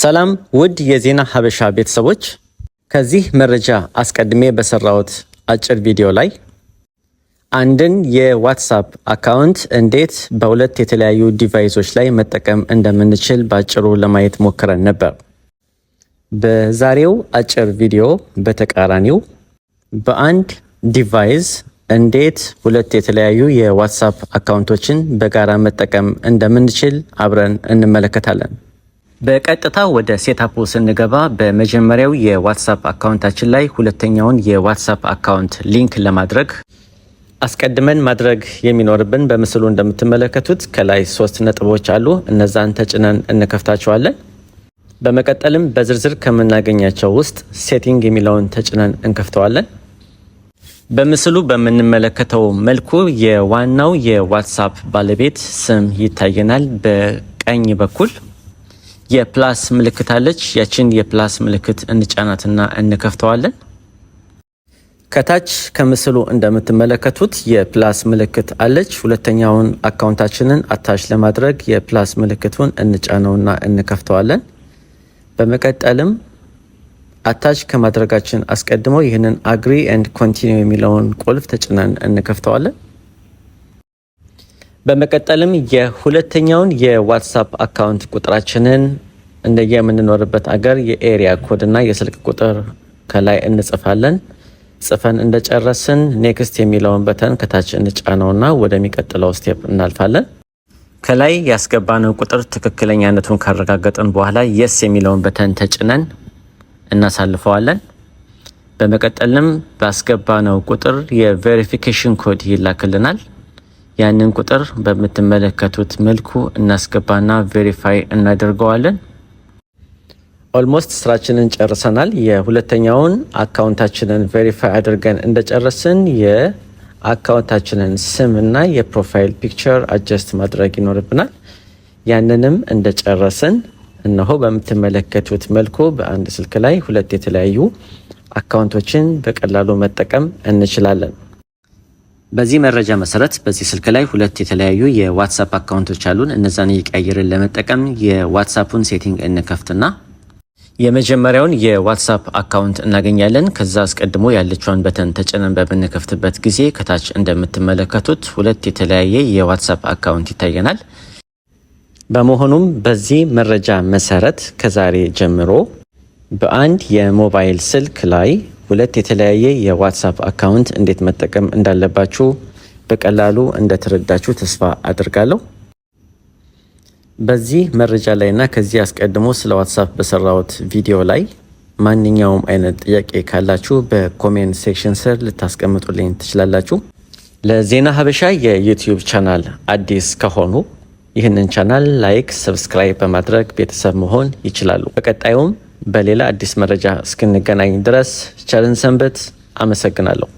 ሰላም ውድ የዜና ሀበሻ ቤተሰቦች፣ ከዚህ መረጃ አስቀድሜ በሰራሁት አጭር ቪዲዮ ላይ አንድን የዋትሳፕ አካውንት እንዴት በሁለት የተለያዩ ዲቫይሶች ላይ መጠቀም እንደምንችል በአጭሩ ለማየት ሞክረን ነበር። በዛሬው አጭር ቪዲዮ በተቃራኒው በአንድ ዲቫይስ እንዴት ሁለት የተለያዩ የዋትሳፕ አካውንቶችን በጋራ መጠቀም እንደምንችል አብረን እንመለከታለን። በቀጥታ ወደ ሴታፑ ስንገባ በመጀመሪያው የዋትሳፕ አካውንታችን ላይ ሁለተኛውን የዋትሳፕ አካውንት ሊንክ ለማድረግ አስቀድመን ማድረግ የሚኖርብን በምስሉ እንደምትመለከቱት ከላይ ሶስት ነጥቦች አሉ። እነዛን ተጭነን እንከፍታቸዋለን። በመቀጠልም በዝርዝር ከምናገኛቸው ውስጥ ሴቲንግ የሚለውን ተጭነን እንከፍተዋለን። በምስሉ በምንመለከተው መልኩ የዋናው የዋትሳፕ ባለቤት ስም ይታየናል በቀኝ በኩል የፕላስ ምልክት አለች። ያችን የፕላስ ምልክት እንጫናትና እንከፍተዋለን። ከታች ከምስሉ እንደምትመለከቱት የፕላስ ምልክት አለች። ሁለተኛውን አካውንታችንን አታች ለማድረግ የፕላስ ምልክቱን እንጫነውና እንከፍተዋለን። በመቀጠልም አታች ከማድረጋችን አስቀድሞ ይህንን አግሪ ኤንድ ኮንቲኒው የሚለውን ቁልፍ ተጭነን እንከፍተዋለን። በመቀጠልም የሁለተኛውን የዋትሳፕ አካውንት ቁጥራችንን እንደየምንኖርበት አገር የኤሪያ ኮድ እና የስልክ ቁጥር ከላይ እንጽፋለን። ጽፈን እንደጨረስን ኔክስት የሚለውን በተን ከታች እንጫነውና ወደሚቀጥለው ስቴፕ እናልፋለን። ከላይ ያስገባነው ቁጥር ትክክለኛነቱን ካረጋገጥን በኋላ የስ የሚለውን በተን ተጭነን እናሳልፈዋለን። በመቀጠልም ባስገባነው ቁጥር የቬሪፊኬሽን ኮድ ይላክልናል። ያንን ቁጥር በምትመለከቱት መልኩ እናስገባና ቬሪፋይ እናደርገዋለን። ኦልሞስት ስራችንን ጨርሰናል። የሁለተኛውን አካውንታችንን ቬሪፋይ አድርገን እንደጨረስን የአካውንታችንን ስም እና የፕሮፋይል ፒክቸር አጀስት ማድረግ ይኖርብናል። ያንንም እንደጨረስን እነሆ በምትመለከቱት መልኩ በአንድ ስልክ ላይ ሁለት የተለያዩ አካውንቶችን በቀላሉ መጠቀም እንችላለን። በዚህ መረጃ መሰረት በዚህ ስልክ ላይ ሁለት የተለያዩ የዋትሳፕ አካውንቶች አሉን። እነዛን እየቀየርን ለመጠቀም የዋትሳፑን ሴቲንግ እንከፍትና የመጀመሪያውን የዋትሳፕ አካውንት እናገኛለን። ከዛ አስቀድሞ ያለችውን በተን ተጭነን በምንከፍትበት ጊዜ ከታች እንደምትመለከቱት ሁለት የተለያየ የዋትሳፕ አካውንት ይታየናል። በመሆኑም በዚህ መረጃ መሰረት ከዛሬ ጀምሮ በአንድ የሞባይል ስልክ ላይ ሁለት የተለያየ የዋትሳፕ አካውንት እንዴት መጠቀም እንዳለባችሁ በቀላሉ እንደተረዳችሁ ተስፋ አድርጋለሁ። በዚህ መረጃ ላይ እና ከዚህ አስቀድሞ ስለ ዋትሳፕ በሰራሁት ቪዲዮ ላይ ማንኛውም አይነት ጥያቄ ካላችሁ በኮሜንት ሴክሽን ስር ልታስቀምጡልኝ ትችላላችሁ። ለዜና ሀበሻ የዩቲዩብ ቻናል አዲስ ከሆኑ ይህንን ቻናል ላይክ፣ ሰብስክራይብ በማድረግ ቤተሰብ መሆን ይችላሉ። በቀጣዩም በሌላ አዲስ መረጃ እስክንገናኝ ድረስ ቸርን ሰንበት። አመሰግናለሁ።